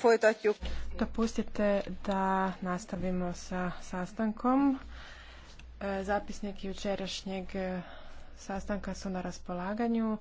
folytatjuk. Dopustite da nastavimo sa sastankom. E, zapisnik jučerašnjeg e, sastanka su na raspolaganju.